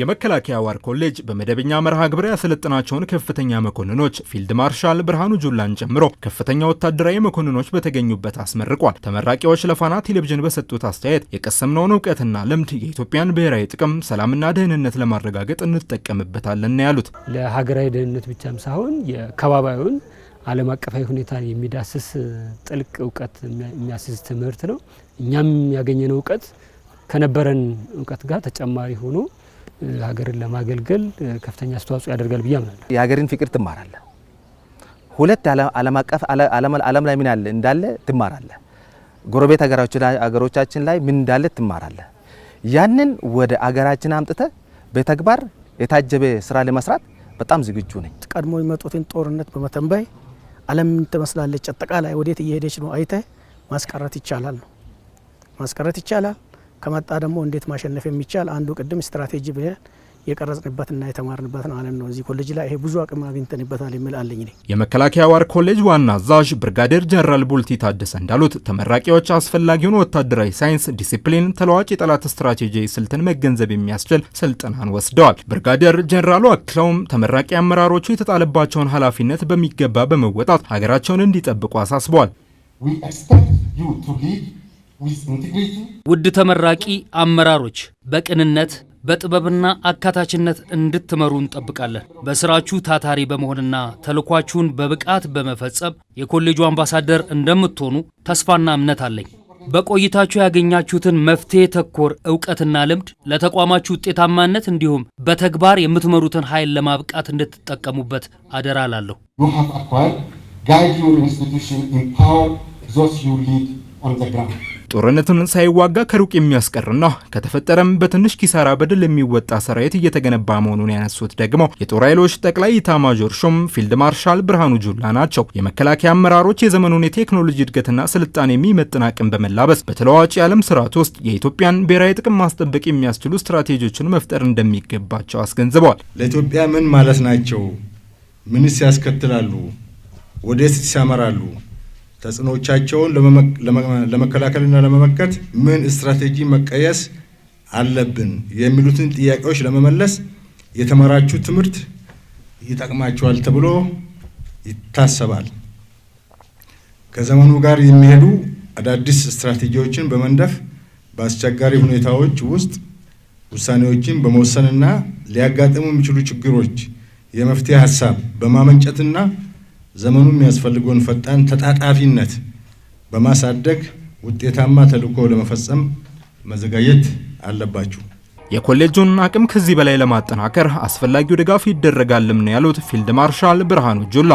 የመከላከያ ዋር ኮሌጅ በመደበኛ መርሃ ግብር ያሰለጠናቸውን ከፍተኛ መኮንኖች ፊልድ ማርሻል ብርሃኑ ጁላን ጨምሮ ከፍተኛ ወታደራዊ መኮንኖች በተገኙበት አስመርቋል። ተመራቂዎች ለፋና ቴሌቪዥን በሰጡት አስተያየት የቀሰምነውን እውቀትና ልምድ የኢትዮጵያን ብሔራዊ ጥቅም፣ ሰላምና ደህንነት ለማረጋገጥ እንጠቀምበታለን ያሉት ለሀገራዊ ደህንነት ብቻም ሳይሆን የከባባዩን ዓለም አቀፋዊ ሁኔታ የሚዳስስ ጥልቅ እውቀት የሚያስዝ ትምህርት ነው። እኛም ያገኘነው እውቀት ከነበረን እውቀት ጋር ተጨማሪ ሆኖ ሀገርን ለማገልገል ከፍተኛ አስተዋጽኦ ያደርጋል ብዬ አምናለሁ። የሀገርን ፍቅር ትማራለ። ሁለት ዓለም አቀፍ ዓለም ላይ ምን ያለ እንዳለ ትማራለ። ጎረቤት ሀገሮቻችን ላይ ምን እንዳለ ትማራለ ያንን ወደ አገራችን አምጥተ በተግባር የታጀበ ስራ ለመስራት በጣም ዝግጁ ነኝ። ቀድሞ የመጡትን ጦርነት በመተንበይ ዓለም ምን ትመስላለች፣ አጠቃላይ ወዴት እየሄደች ነው አይተ ማስቀረት ይቻላል ነው ማስቀረት ይቻላል። ከመጣ ደግሞ እንዴት ማሸነፍ የሚቻል አንዱ ቅድም ስትራቴጂ ብለን የቀረጽንበትና የተማርንበት ነው አለም ነው። እዚህ ኮሌጅ ላይ ይሄ ብዙ አቅም አግኝተንበታል የሚል አለኝ። የመከላከያ ዋር ኮሌጅ ዋና አዛዥ ብርጋዴር ጀነራል ቡልቲ ታደሰ እንዳሉት ተመራቂዎች አስፈላጊውን ወታደራዊ ሳይንስ፣ ዲሲፕሊን፣ ተለዋጭ የጠላት ስትራቴጂ ስልትን መገንዘብ የሚያስችል ስልጠናን ወስደዋል። ብርጋዴር ጀነራሉ አክለውም ተመራቂ አመራሮቹ የተጣለባቸውን ኃላፊነት በሚገባ በመወጣት ሀገራቸውን እንዲጠብቁ አሳስበዋል። ውድ ተመራቂ አመራሮች በቅንነት በጥበብና አካታችነት እንድትመሩ እንጠብቃለን። በስራችሁ ታታሪ በመሆንና ተልኳችሁን በብቃት በመፈጸም የኮሌጁ አምባሳደር እንደምትሆኑ ተስፋና እምነት አለኝ። በቆይታችሁ ያገኛችሁትን መፍትሄ ተኮር እውቀትና ልምድ ለተቋማችሁ ውጤታማነት እንዲሁም በተግባር የምትመሩትን ኃይል ለማብቃት እንድትጠቀሙበት አደራ ላለሁ። ጋይድ ዩር ኢምፓወር ዞስ ዩ ሊድ ኦን ዘ ግራውንድ ጦርነትን ሳይዋጋ ከሩቅ የሚያስቀር ነው። ከተፈጠረም በትንሽ ኪሳራ በድል የሚወጣ ሰራዊት እየተገነባ መሆኑን ያነሱት ደግሞ የጦር ኃይሎች ጠቅላይ ኢታማዦር ሹም ፊልድ ማርሻል ብርሃኑ ጁላ ናቸው። የመከላከያ አመራሮች የዘመኑን የቴክኖሎጂ እድገትና ስልጣን የሚመጥን አቅም በመላበስ በተለዋጭ የዓለም ስርዓት ውስጥ የኢትዮጵያን ብሔራዊ ጥቅም ማስጠበቅ የሚያስችሉ ስትራቴጂዎችን መፍጠር እንደሚገባቸው አስገንዝበዋል። ለኢትዮጵያ ምን ማለት ናቸው? ምንስ ያስከትላሉ? ወደስ ያመራሉ? ተጽዕኖቻቸውን ለመከላከልና ለመመከት ምን ስትራቴጂ መቀየስ አለብን የሚሉትን ጥያቄዎች ለመመለስ የተመራችሁ ትምህርት ይጠቅማቸዋል ተብሎ ይታሰባል። ከዘመኑ ጋር የሚሄዱ አዳዲስ ስትራቴጂዎችን በመንደፍ በአስቸጋሪ ሁኔታዎች ውስጥ ውሳኔዎችን በመወሰንና ሊያጋጥሙ የሚችሉ ችግሮች የመፍትሄ ሀሳብ በማመንጨትና ዘመኑ የሚያስፈልገውን ፈጣን ተጣጣፊነት በማሳደግ ውጤታማ ተልኮ ለመፈጸም መዘጋጀት አለባችሁ። የኮሌጁን አቅም ከዚህ በላይ ለማጠናከር አስፈላጊው ድጋፍ ይደረጋልም ነው ያሉት ፊልድ ማርሻል ብርሃኑ ጁላ።